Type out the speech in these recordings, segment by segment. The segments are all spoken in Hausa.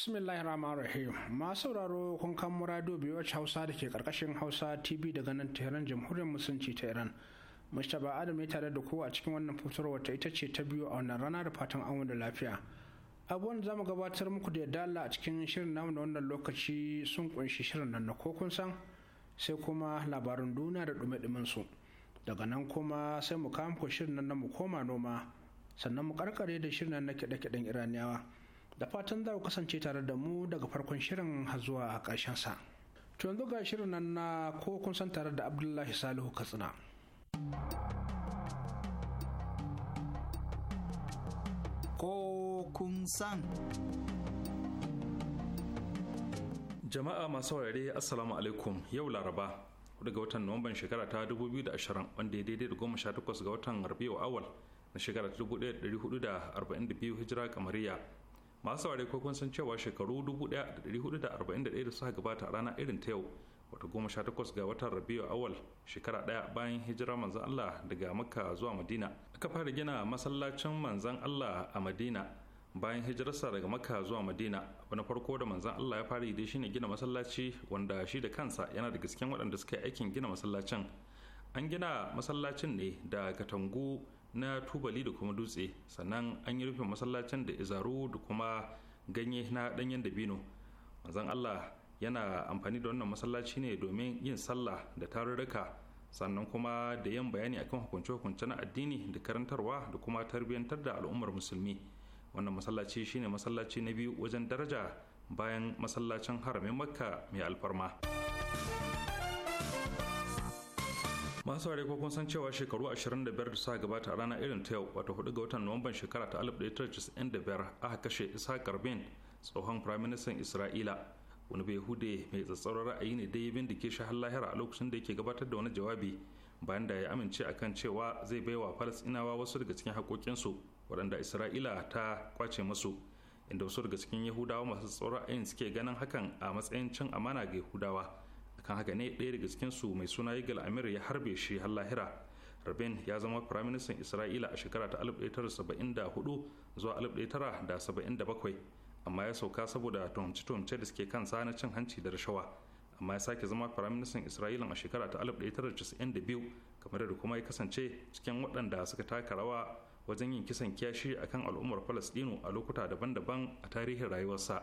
bismillahir rahmanir rahim masu sauraro kun kan murado biyu hausa da ke karkashin hausa tv daga nan tehran jamhuriyar musulunci ta iran mustapha adam ya tare da kowa a cikin wannan fitarwa ta ita ce ta biyu a wannan rana da fatan an da lafiya abubuwan za mu gabatar muku da yadda a cikin shirin namu da wannan lokaci sun kunshi shirin nan na ko kun san sai kuma labarin duniya da dume su daga nan kuma sai mu kawo shirin nan na mu koma noma sannan mu karkare da shirin nan na kiɗe-kiɗen iraniyawa da fatan za ku kasance tare da mu daga farkon shirin har zuwa ƙarshen sa. To yanzu ga shirin nan na ko kun san tare da Abdullahi Salihu Katsina. Ko kun san. Jama'a masu saurare Assalamu alaikum yau Laraba daga watan Nuwamban shekara ta 2020 wanda ya daidai da goma sha takwas ga watan Rabiu Awal na shekara 1442 hijira kamariya masu saurare ko kun san cewa shekaru 1441 da suka gabata a rana irin ta yau wata goma sha takwas ga watan rabiu awal shekara daya bayan hijira manzan allah daga makka zuwa madina aka fara gina masallacin manzan allah a madina bayan hijirarsa daga makka zuwa madina wani farko da manzan allah ya fara yi shine gina masallaci wanda shi da kansa yana da gaske waɗanda suka yi aikin gina masallacin an gina masallacin ne da katangu na tubali da kuma dutse sannan an yi rufin masallacin da izaru da kuma ganye na ɗanyen dabino manzan allah yana amfani da wannan masallaci ne domin yin sallah da tarurruka sannan kuma da yin bayani akan hukunce-hukunce na addini da karantarwa da kuma tarbiyyantar da al'ummar musulmi wannan masallaci shine masallaci na biyu wajen daraja bayan masallacin haramin makka mai alfarma. masu ware ko kun san cewa shekaru 25 da suka gabata a ranar irin ta yau wata hudu ga watan nuwamban shekara ta 1995 aka kashe isa karbin tsohon firaministan isra'ila wani bai hude mai tsatsauran ra'ayi ne dai bindike shi har lahira a lokacin da yake gabatar da wani jawabi bayan da ya amince a kan cewa zai baiwa falasɗinawa wasu daga cikin haƙoƙinsu waɗanda isra'ila ta kwace masu inda wasu daga cikin yahudawa masu tsoron ra'ayin suke ganin hakan a matsayin cin amana ga yahudawa kan haka ne ɗaya daga cikinsu mai suna yigal amir ya harbe shi har lahira rabin ya zama firaministan isra'ila a shekara ta 1974 zuwa 1977 amma ya sauka saboda tuhumce-tuhumce da suke sa na cin hanci da rashawa amma ya sake zama firaministan isra'ila a shekara ta 1992 kamar da kuma ya kasance cikin waɗanda suka taka rawa wajen yin kisan kiyashi akan al'ummar falastinu a lokuta daban-daban a tarihin rayuwarsa.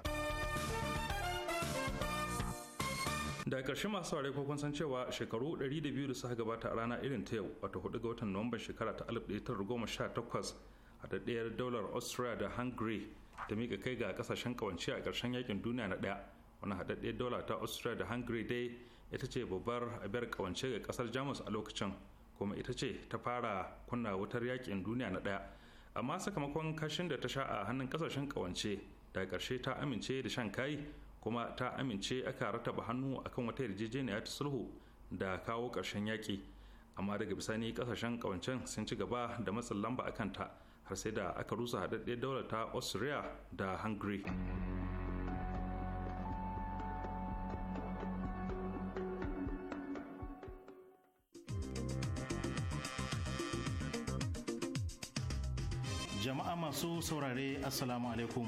da ƙarshe masu saurare ko kun san cewa shekaru 200 da suka gabata a rana irin ta yau wato 4 ga watan nuwamban shekara ta 1918 a daɗayar daular austria da hungary ta mika kai ga kasashen kawance a ƙarshen yakin duniya na ɗaya wani haɗaɗɗiyar daula ta austria da hungary dai ita ce babbar abiyar kawance ga ƙasar jamus a lokacin kuma ita ce ta fara kunna wutar yakin duniya na ɗaya amma sakamakon kashin da ta sha a hannun ƙasashen kawance da ƙarshe ta amince da shan kayi. kuma ta amince aka rataba hannu akan wata yarjejeniya ta sulhu da kawo ƙarshen yaƙi amma daga bisani ƙasashen ƙawancen sun ci gaba da matsin lamba a kanta har sai da aka rusa haɗaɗɗiyar daular ta austria da hungary jama'a masu saurare assalamu alaikum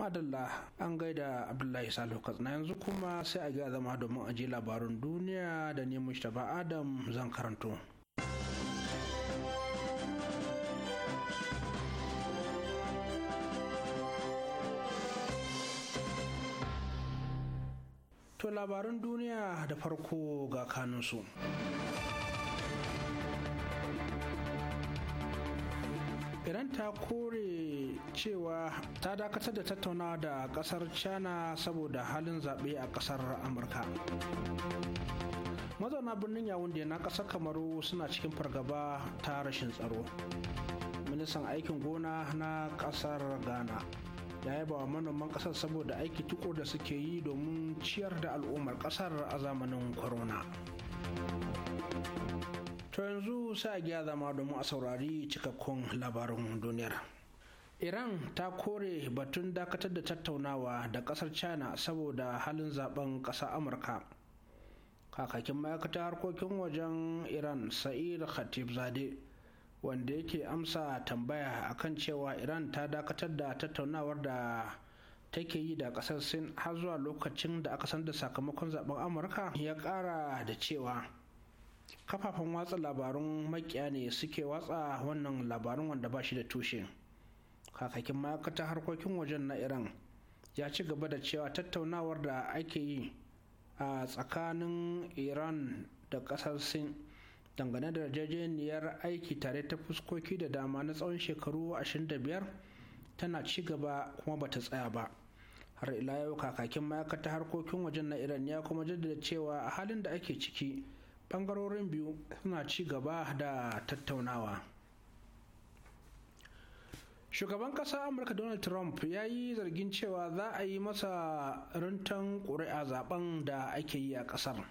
madalla an gaida abdullahi salihu katsina yanzu kuma sai a ga zama domin aje labarin duniya da ne mushtaba adam zan karanto To labarun duniya da farko ga kanunsu. Iran ta kore cewa ta dakatar da tattaunawa da kasar china saboda halin zaɓe a kasar amurka mazauna birnin yawunde na ƙasar kamaru suna cikin fargaba ta rashin tsaro ministan aikin gona na ƙasar ghana ya yaba wa manoman ƙasar saboda aiki tuko da suke yi domin ciyar da al'ummar ƙasar a zamanin corona to yanzu sai a gya zama domin a saurari cikakkun labarin duniyar iran ta kore batun dakatar da tattaunawa da kasar china saboda halin zaben ƙasa amurka kakakin ma'aikatar harkokin wajen iran sa'id khatib zade wanda yake amsa tambaya akan cewa iran ta dakatar da tattaunawar da take yi da kasar sin har zuwa lokacin da aka san da sakamakon zaben amurka ya kara da cewa kafafen watsa labarun makiya ne suke watsa wannan labarun wanda ba shi da tushe kakakin ma'aikatar harkokin wajen na iran ya ci gaba da cewa tattaunawar da ake yi a tsakanin iran da kasar sin dangane da yarjejeniyar aiki tare ta fuskoki da dama na tsawon shekaru 25 tana ci gaba kuma ba ta tsaya ba har ila yau kakakin ma'aikatar harkokin wajen na iran ya kuma jaddada cewa a halin da ake ciki bangarorin biyu suna ci gaba da tattaunawa shugaban ƙasa amurka donald trump ya yi zargin cewa za a yi masa rintan ƙuri'a zaben da ake yi a ƙasar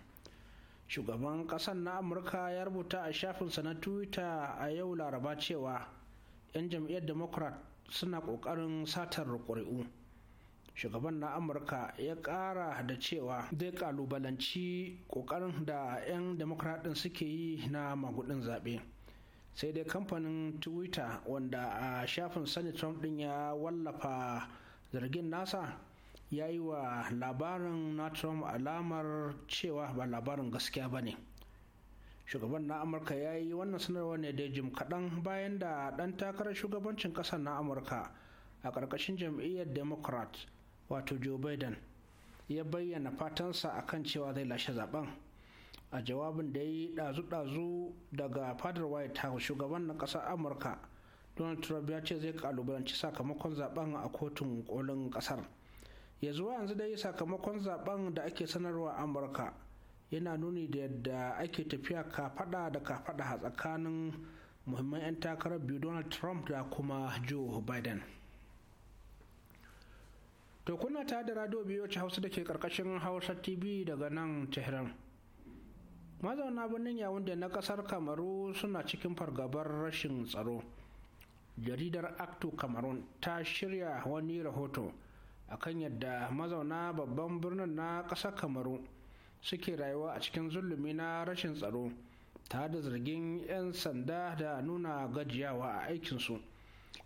shugaban ƙasar na amurka ya rubuta a shafinsa na twitter a yau laraba cewa 'yan jam'iyyar democrat suna ƙoƙarin satar ƙuri'u shugaban na amurka ya ƙara da cewa zai ƙalubalanci ƙoƙarin da 'yan democrat suke yi na magudin zaɓe. sai dai kamfanin twitter wanda a shafin sani trump din ya wallafa zargin nasa ya yi wa labarin na trump alamar cewa ba labarin gaskiya ba ne shugaban na amurka ya yi wannan sanarwa ne da jim kaɗan bayan da ɗan takarar shugabancin ƙasar na amurka a ƙarƙashin jam'iyyar democrat wato joe biden ya bayyana fatansa akan cewa zai lashe zaben a jawabin da ya yi ɗazu-ɗazu daga fadar white house shugaban na ƙasar amurka donald trump ya ce zai kalubalanci sakamakon zaben a kotun kolin ƙasar ya zuwa yanzu yi sakamakon zaben da ake sanarwa amurka yana nuni da yadda ake tafiya kafaɗa da kafaɗa a tsakanin muhimman 'yan takarar biyu donald trump da kuma joe biden to kuna da radio biyu wacce hausa da ke karkashin hausa tv daga nan tehran mazauna birnin yawon da na kasar kamaru suna cikin fargabar rashin tsaro jaridar acto cameroon ta shirya wani rahoto akan yadda mazauna babban birnin na kasar kamaru suke rayuwa a cikin zulumi na rashin tsaro ta da zargin 'yan sanda da nuna gajiyawa a aikinsu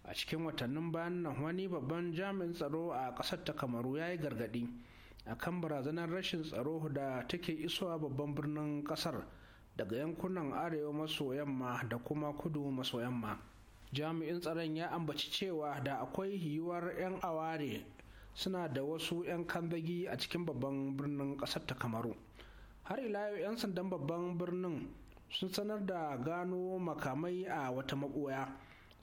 a cikin watannin bayan nan wani babban jami'in tsaro a ƙasar ta kamaru ya yi gargadi. a kan barazanar rashin tsaro da take isowa babban birnin kasar daga yankunan arewa maso yamma da kuma kudu maso yamma jami'in tsaron ya ambaci cewa da akwai yiwuwar 'yan aware suna da wasu 'yan kambagi a cikin babban birnin kasar ta kamaru har ila yau 'yan sandan babban birnin sun sanar da gano makamai a wata maɓoya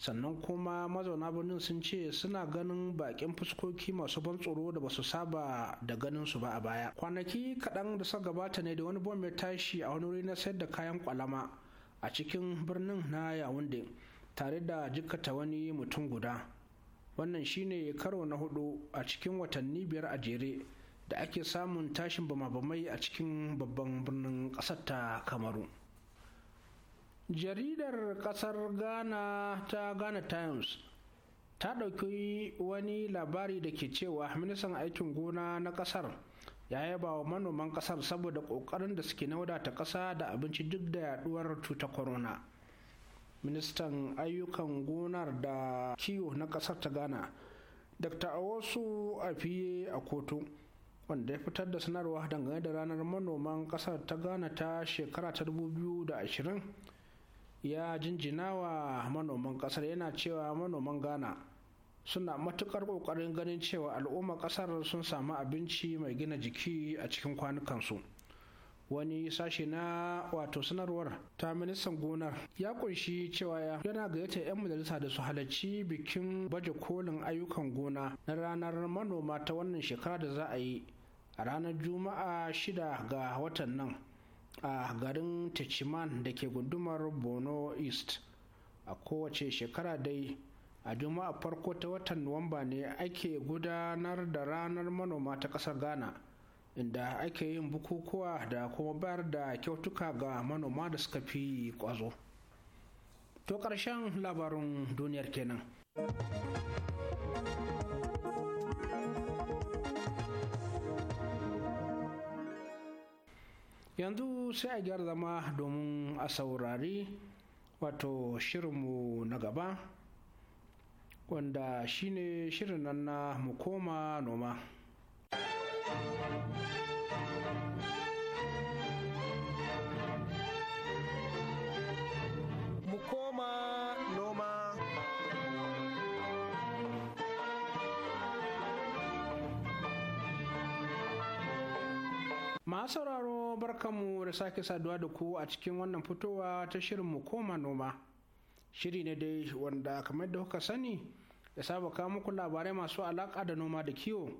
sannan kuma mazauna birnin sun ce suna ganin bakin fuskoki masu ban tsoro da basu saba da ganin su ba a baya kwanaki kaɗan da suka gabata ne da wani bom ya tashi a wani wuri na sayar da kayan kwalama a cikin birnin na yawunde tare da jikkata wani mutum guda wannan shine karo na hudu a cikin watanni biyar a jere da ake samun tashin bama-bamai a cikin babban birnin ƙasar ta kamaru jaridar kasar ghana ta ghana times ta ɗauki wani labari da ke cewa ministan aikin gona na kasar ya yaba wa manoman kasar saboda ƙoƙarin da suke na wadata ƙasa da abinci duk da yaduwar cuta corona ministan ayyukan gonar da kiwo na kasar ta ghana dr awosu afiye a kotu wanda ya fitar da sanarwa dangane da ranar manoman kasar ta ghana ta shekara ta 2020 ya jinjina wa manoman kasar yana cewa manoman ghana suna matukar kokarin ganin cewa al'ummar kasar sun samu abinci mai gina jiki a cikin kwanukansu wani sashe na wato sanarwar ta ministan gonar ya kunshi cewa yana gayyata 'yan majalisa da su halarci bikin baje kolin ayyukan gona na ranar manoma ta wannan shekara da za a yi a ranar juma'a 6 ga watan nan a garin techiman da ke gudumar borno east a kowace shekara dai a juma'a farko ta watan nuwamba ne ake gudanar da ranar manoma ta ƙasar ghana inda ake yin bukukuwa da kuma bayar da kyautuka ga manoma da suka fi ƙwazo to ƙarshen labarin duniyar kenan yanzu sai a gyar zama domin a saurari wato shirinmu na gaba wanda shine shirin nan na mukoma noma barkamu da sake saduwa da ku a cikin wannan fitowa ta shirin mu koma noma. Shiri ne dai wanda kamar da kuka sani ya saba kawo muku labarai masu alaƙa da noma da kiwo.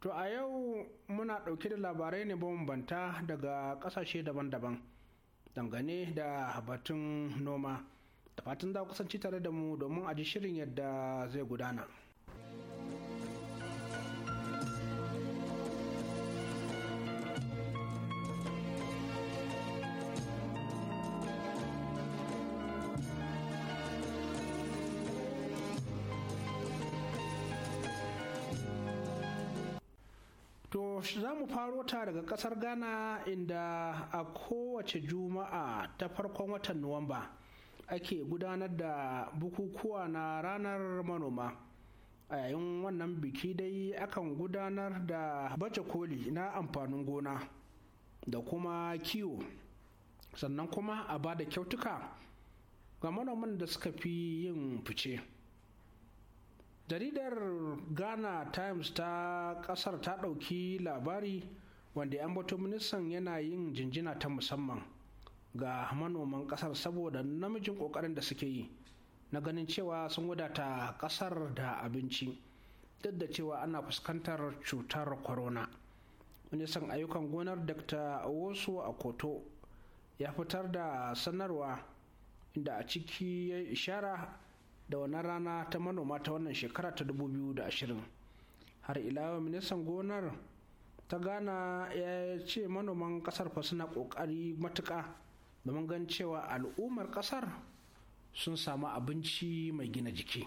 To a yau muna ɗauke da labarai ne bambanta daga ƙasashe daban-daban dangane da batun noma. Da fatan za ku kasance tare da mu domin a ji shirin yadda zai gudana. faro ta daga kasar ghana inda a kowace juma'a ta farkon watan nuwamba ake gudanar da bukukuwa na ranar manoma a yayin wannan biki dai akan gudanar da baje koli na amfanin gona da kuma kiwo sannan kuma a ba da kyautuka ga manoman da suka fi yin fice. jaridar ghana times ta kasar ta dauki labari wanda 'yan bato ministan yana yin jinjina ta musamman ga manoman kasar saboda namijin kokarin da suke yi na ganin cewa sun wadata kasar da abinci duk da cewa ana fuskantar cutar corona ministan ayyukan gonar dr owosu koto ya fitar da sanarwa inda a ciki ya ishara da wannan rana ta manoma ta wannan shekara ta 2020 har ilawa ministan gonar ta gana ya ce manoman kasar fa suna kokari matuka domin gan cewa al'ummar kasar sun samu abinci mai gina jiki.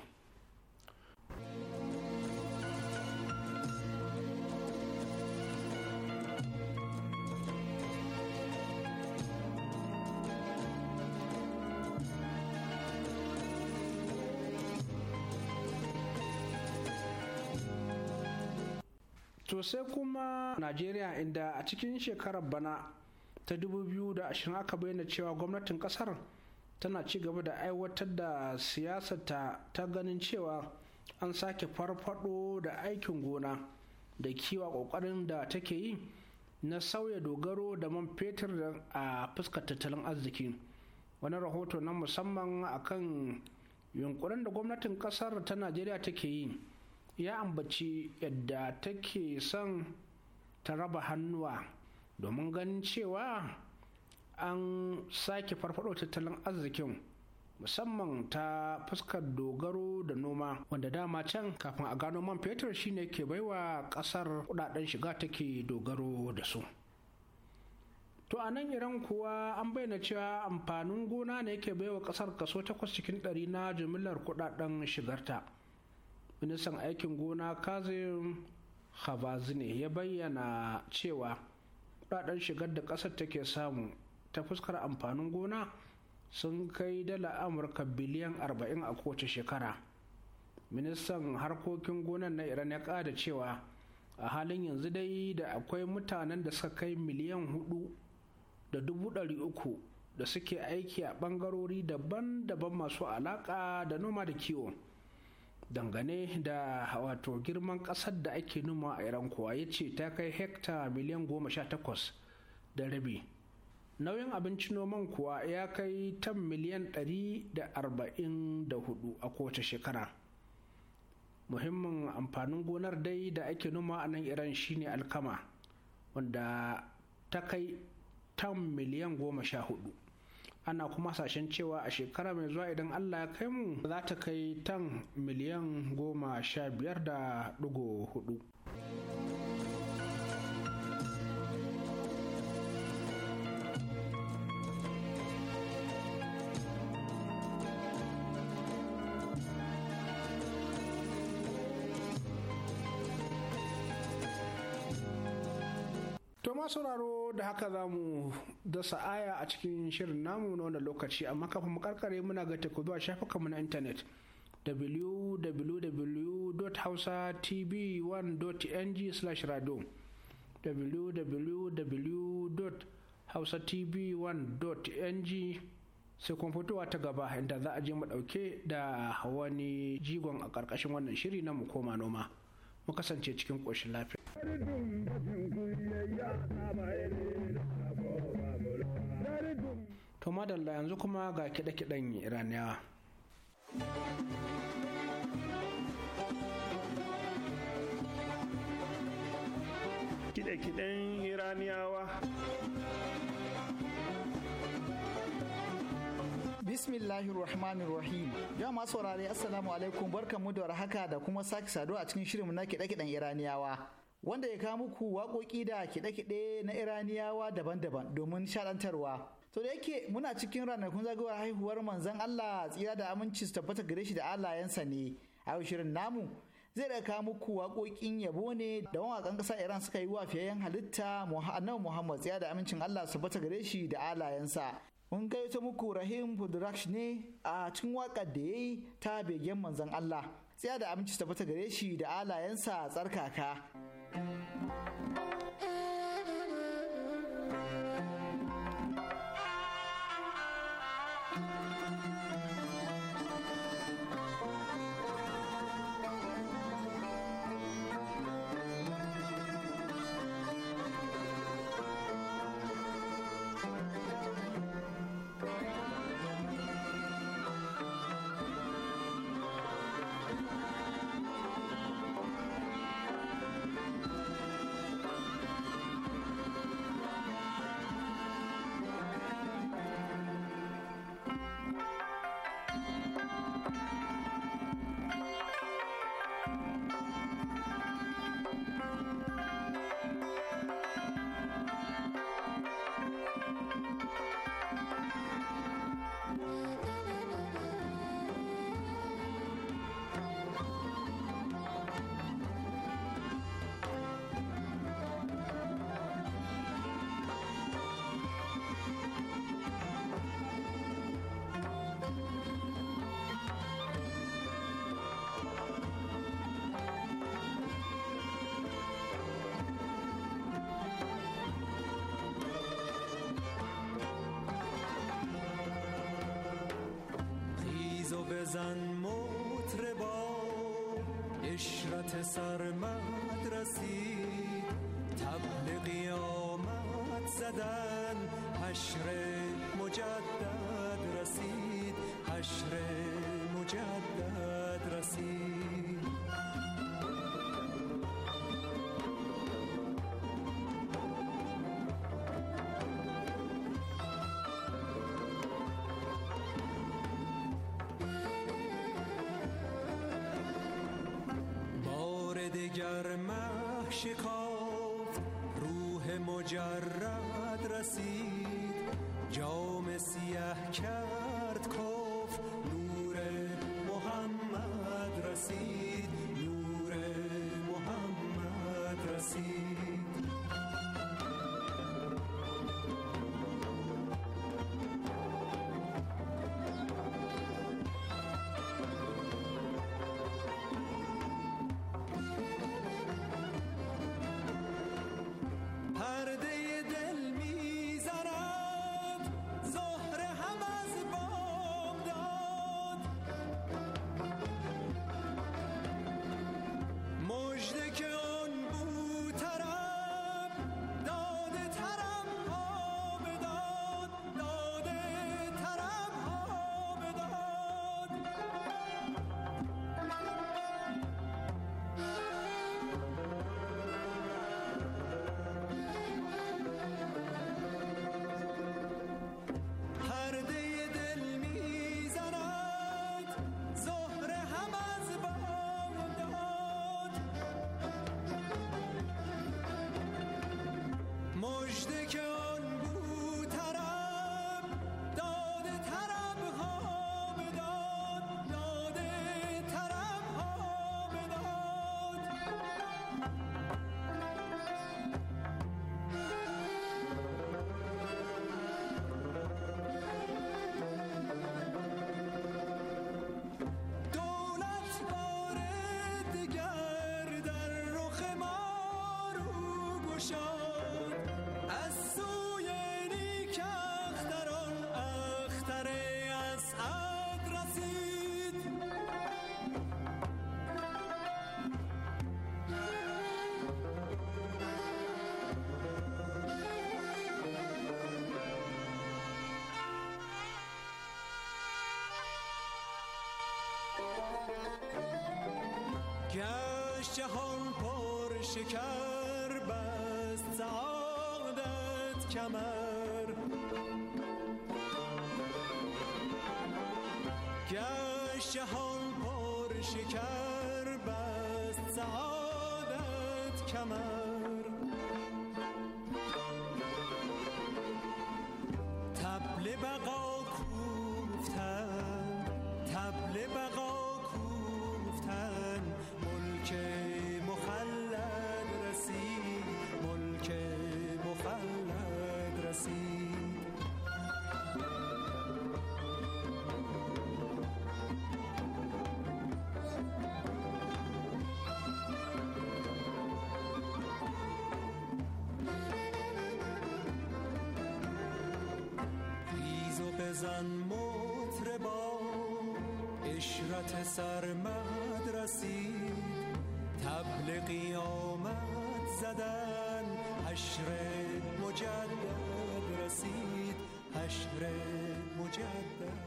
to sai kuma najeriya inda a cikin shekarar bana ta da 2020 aka bayyana cewa gwamnatin kasar tana ci gaba da aiwatar da siyasarta ta ganin cewa an sake farfado da aikin gona da kiwa kokarin da take yi na sauya dogaro da man fetur a fuskar tattalin arziki wani rahoto na musamman akan yunkurin da gwamnatin kasar ta najeriya take yi ya ambaci yadda take son ta raba hannuwa domin ganin cewa an sake farfado tattalin arzikin musamman ta fuskar dogaro da noma wanda dama can kafin a gano man fetur shine ke baiwa kasar kudaden shiga take dogaro da su to a nan iran kuwa an bayyana cewa amfanin gona ne ke baiwa kasar kaso takwas cikin ɗari na jimillar kudaden shigarta ministan aikin gona kazim habazine ya bayyana cewa kudaden shigar da kasar take samu ta fuskar amfanin gona sun kai dala amurka biliyan 40 a kowace shekara ministan harkokin gona na iran ya kada cewa a halin yanzu dai da akwai mutanen da suka kai miliyan huɗu da dubu ɗari uku da suke aiki a ɓangarori daban-daban masu alaƙa da noma da kiwo. dangane da wato girman ƙasar da ake noma a iran kuwa ya ce ta kai hekta miliyan goma sha takwas da rabi nauyin abinci noman kuwa ya kai tan miliyan ɗari da arba'in da hudu a kowace shekara muhimmin amfanin gonar dai da ake noma a nan iran shine alkama wanda ta kai tan miliyan goma sha hudu ana kuma sashen cewa a shekara mai zuwa idan allah ya kai mu za ta kai tan miliyan goma sha biyar da dugo hudu sauraro da haka za mu dasa aya a cikin shirin namu na wannan lokaci amma kafin mu karkare muna ga teku zuwa shafukanmu na intanet www.hausatv1.ng/radio www.hausatv1.ng sai kuma fitowa ta gaba inda za a je mu dauke da wani jigon a karkashin wannan shiri na mu koma noma mu kasance cikin koshin lafiya to madalla yanzu kuma ga kiɗe-kiɗen iraniya kiɗe-kiɗen iraniyawa Bismillahir Rahmanir Rahim. Ya masu saurare Assalamu alaikum barkan mu da warhaka da kuma sake saduwa a cikin shirinmu na kiɗe-kiɗen Iraniyawa. Wanda ya kawo muku waƙoƙi da kiɗe-kiɗe na Iraniyawa daban-daban domin shaɗantarwa. to da yake muna cikin ranakun zagawar haihuwar manzan Allah tsira da aminci su tabbata gare shi da alayensa ne a shirin namu zai raka muku waƙoƙin yabo ne da mawaƙan ƙasa Iran suka yi wa fiyayyen halitta Annabi Muhammad tsira da amincin Allah su tabbata gare shi da alayensa mun ta muku Rahim fudurash ne a cikin waƙar da yayi ta begen manzan Allah tsira da aminci su tabbata gare shi da alayensa tsarkaka. و بزن مطربا اشرت سرمد رسید تبل قیامت زدن حشر مجدد رسید حشر دگر مه شکافت روح مجرد رسید جام سیه کرد کف گشت جهان پر شکر بست سعادت کمر گشت جهان پر شکر بست سعادت کمر بزن مطربا اشرت سرمد رسید تبل قیامت زدن حشر مجدد رسید حشر مجدد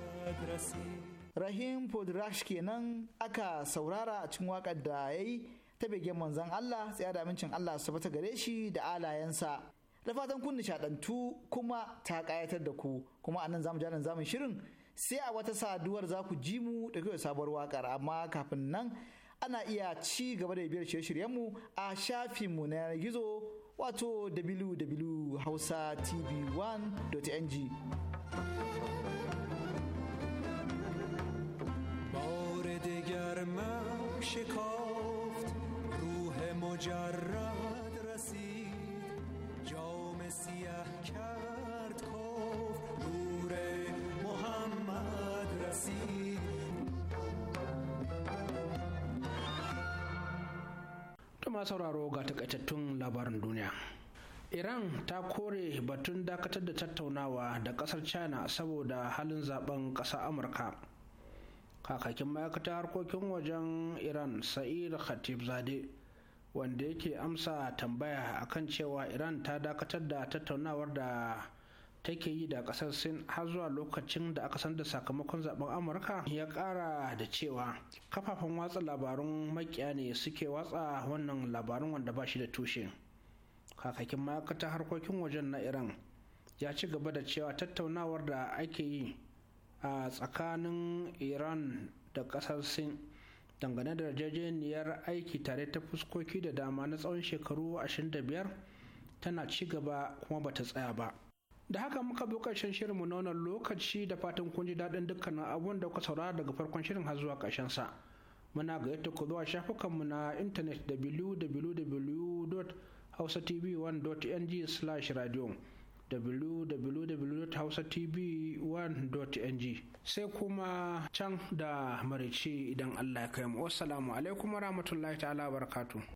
رسید rahim podrash kenan aka saurara a cikin waƙar da yayi yi ta begen manzan Allah tsaya da amincin Allah su bata gare shi da alayensa da fatan kun nishadantu kuma ta kayatar da ku kuma anan zamu ji zamu shirin sai a wata saduwar za ku ji mu da kai sabuwar wakar amma kafin nan ana iya ci gaba da biyar shirye-shiryenmu a shafin mu na gizo wato www.hausatv1.ng بار من شکافت روح مجرم سیه کرد sauraro ga takaitattun labarin duniya. Iran ta kore batun dakatar da tattaunawa da kasar China saboda halin zaben ƙasa Amurka. Kakakin ma'aikatar harkokin wajen Iran Sa'id Khatib zade wanda yake amsa tambaya akan cewa iran ta dakatar da tattaunawar da take yi da kasar sin har zuwa lokacin da aka san da sakamakon zaben amurka ya kara da cewa kafafen watsa labarun makiya ne suke watsa wannan labarun wanda ba shi da tushe kakakin ma'aikatar harkokin wajen na iran ya ci gaba da cewa tattaunawar da ake yi a tsakanin iran da kasar sin dangane da yarjejeniyar aiki tare ta fuskoki da dama na tsawon shekaru 25 tana ci gaba kuma bata tsaya ba da haka muka bi ƙarshen shirinmu na wannan lokaci da fatan kun ji daɗin dukkanin abun da kuka saurara daga farkon shirin har zuwa ƙarshen sa muna gayyata ku zuwa shafukanmu na intanet www.hausatv1.ng/radio www.hausatv1.ng sai kuma can da marici idan Allah ya kai mu. salamu alaikum rahmatullahi ta'ala barakatu.